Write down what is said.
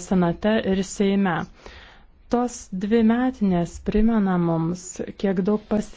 senate ir seime. Tos dvi metinės primena mums, kiek daug pasikeitė.